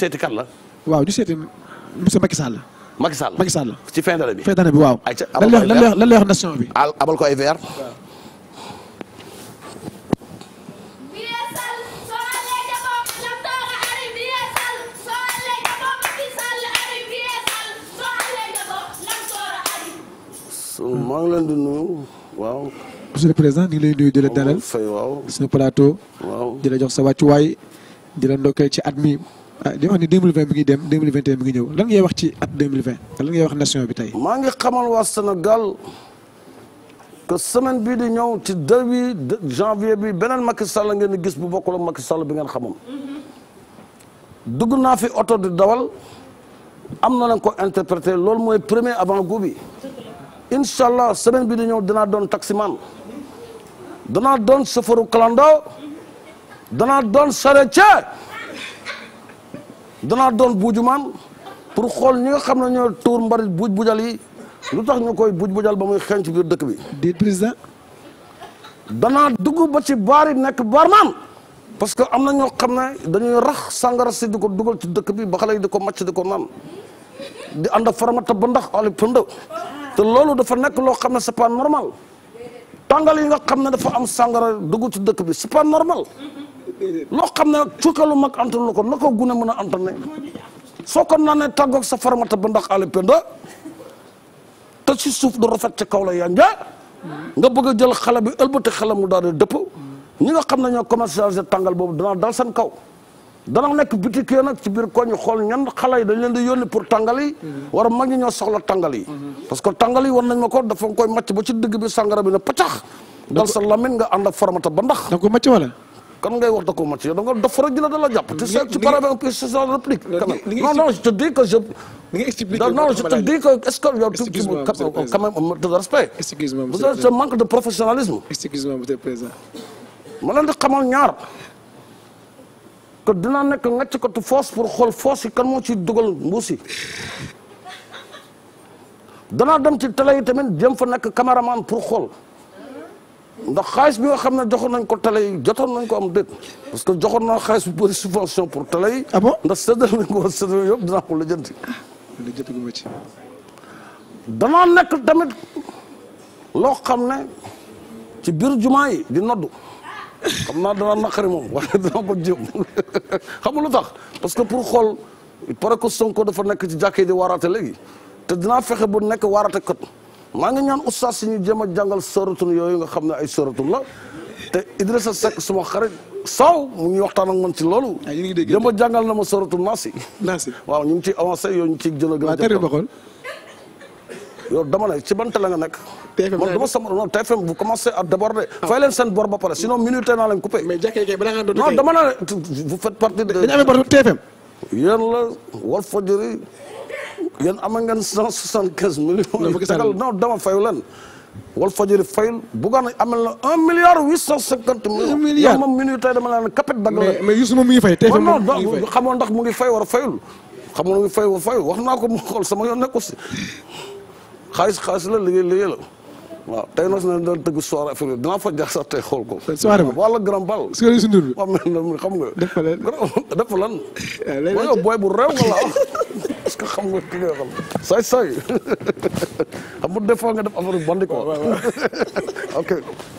seeti la. waaw ñu seeti monsieur Macky Sall. Macky Sall Macky Sall. ci fin d'année bi fin d'année bi waaw. ayca abal ko lan lan lay wax nation bi. abal ko ay verre. maa ngi leen di nuyu waaw. monsieur président ñu ngi lay nuyu di la dalal. plateau. waaw jox sa wàccuwaay di la ndokkeel ci at mi. ah di wax ni 2020 dem 2021 bi ngi ñëw lan ngay wax ci at 2020 lan ngay bi tey. maa ngi xamal waa Sénégal que semaine bii di ñëw ci deux bi janvier bi beneen Macky Sall ngeen di gis bu bokk ak Macky Sall bi ngeen xamoon. Mm-hmm. dugg naa fi oto di dawal am na lañ ko interprété loolu mooy premier avant-goût bi incha allah semaine bi di ñëw danaa doon taximan danaa doon chauffeur clando mm-hmm. danaa doon charretier. danaa doon maan pour xool ñi nga xam ne ñoo tuur mbarit buuj bujal yi lu tax ñu koy buuj bujal ba muy xeeñ ci biir dëkk bi. di président. danaa dugg ba ci baar yi baar baarmaan parce que am na ñu xam ne dañuy rax sangara si di ko dugal ci dëkk bi ba xale yi di ko màcc di ko naan di ànd ak faramata ba ndax ali pënd te loolu dafa nekk loo xam ne c'est pas normal tàngal yi nga xam ne dafa am sàngara duggu ci dëkk bi c'est pas normal. loo xam ne cukalu mag antal la ko na ko gune mën a antal ne soo ko naa ne tàggoog sa farmata ba ndax ale penda te si suuf du rafet ci kaw la yanja nga bëgg a jël xale bi ëlbati xale mu daal dëpp ñi nga xam ne ñoo commercialisé tàngal boobu danaa dal seen kaw dana nekk bitik nag ci biir koñ xool ñan xale yi dañ leen di yónni pour tàngal yi war a mag ñi ñoo soxla tàngal yi parce que tàngal yi war nañ ma ko dafa nga koy màcc ba ci dëgg bi sàngara bi na pacax dal sa lamine nga ànd ak farmata ba ndax da kan ngay wax dakoo match yow da nga dof rek dina dala jàpp. tu sais tu parles avec un c'est la réplique. non non je te dis que je. li nga expliqué non je de respect. excuse-moi monsieur le ma leen di xamal ñaar. que dinaa nekk ngacc katu foos pour xool foos yi kan moo ciy dugal mbuusi danaa dem ci télé yi tamit jéem fa nekk caméraman pour xool. ndax xaalis bi nga xam ne joxoon nañ ko télé yi jotoon nañ ko am dëkk parce que joxoon naa xaalis bu bëri subvention pour télé yi. ah bon ndax séddale nañ ko woon séddale yëpp dinaa ko la danaa nekk tamit loo xam ne ci biir juma yi di noddu xam naa danaa naqari moom waaye dina ko jéem xam nga lu tax parce que pour xool il paraît que Sonko dafa nekk ci jàkkee di waaraate léegi te dinaa fexe bu nekk waaraate kat. maa ngi ñaan oustaz si ñu jéem a jàngal sóoratun yooyu nga xam ne ay sóoratun la te Idrissa Seck suma xarit Sow mu ngi waxtaan ak man ci loolu. Ah, jéem a jàngal na ma sóoratun naasi. naasi waaw ñu ngi ciy avancé yow ñu ngi ciy jël a. waaw tari baxoon yow ci ban télé nga nekk. TFM man dama sama non TFM bu commencé à déborder. Ah. fay leen seen bor ba pare sinon minute naa leen coupé. mais jàkkee kay balaa nga de. TFM. yéen la Walfadjri yéen ama ngeen cent soixante quinze millions non dama fayu leen wal fajiri fayul Bougane amal na un milliard huit cent cinquante millions. un milliard moom mi ngi tey dama la ne kapit dagg la. mais mais Youssou moom mi ngi fay tey moom mi ngi fay xamoon ndax mu ngi fay war a fayul. xamoon mu ngi fay war a fayul wax naa ko mu xool sama yoon nekku si xaalis xaalis la liggéey liggéey la. waaw tey nag na doon tëgg soirée affaire dinaa fa jaar sax ko. soirée ba wala grand bal. soirée si bi waaw mais xam nga. def fa lenn def fa lan. Eh, léeg booy bu réew nga la parce que xam nga ki nga xam saay saay xam nga des fois nga def affaire bandi ok.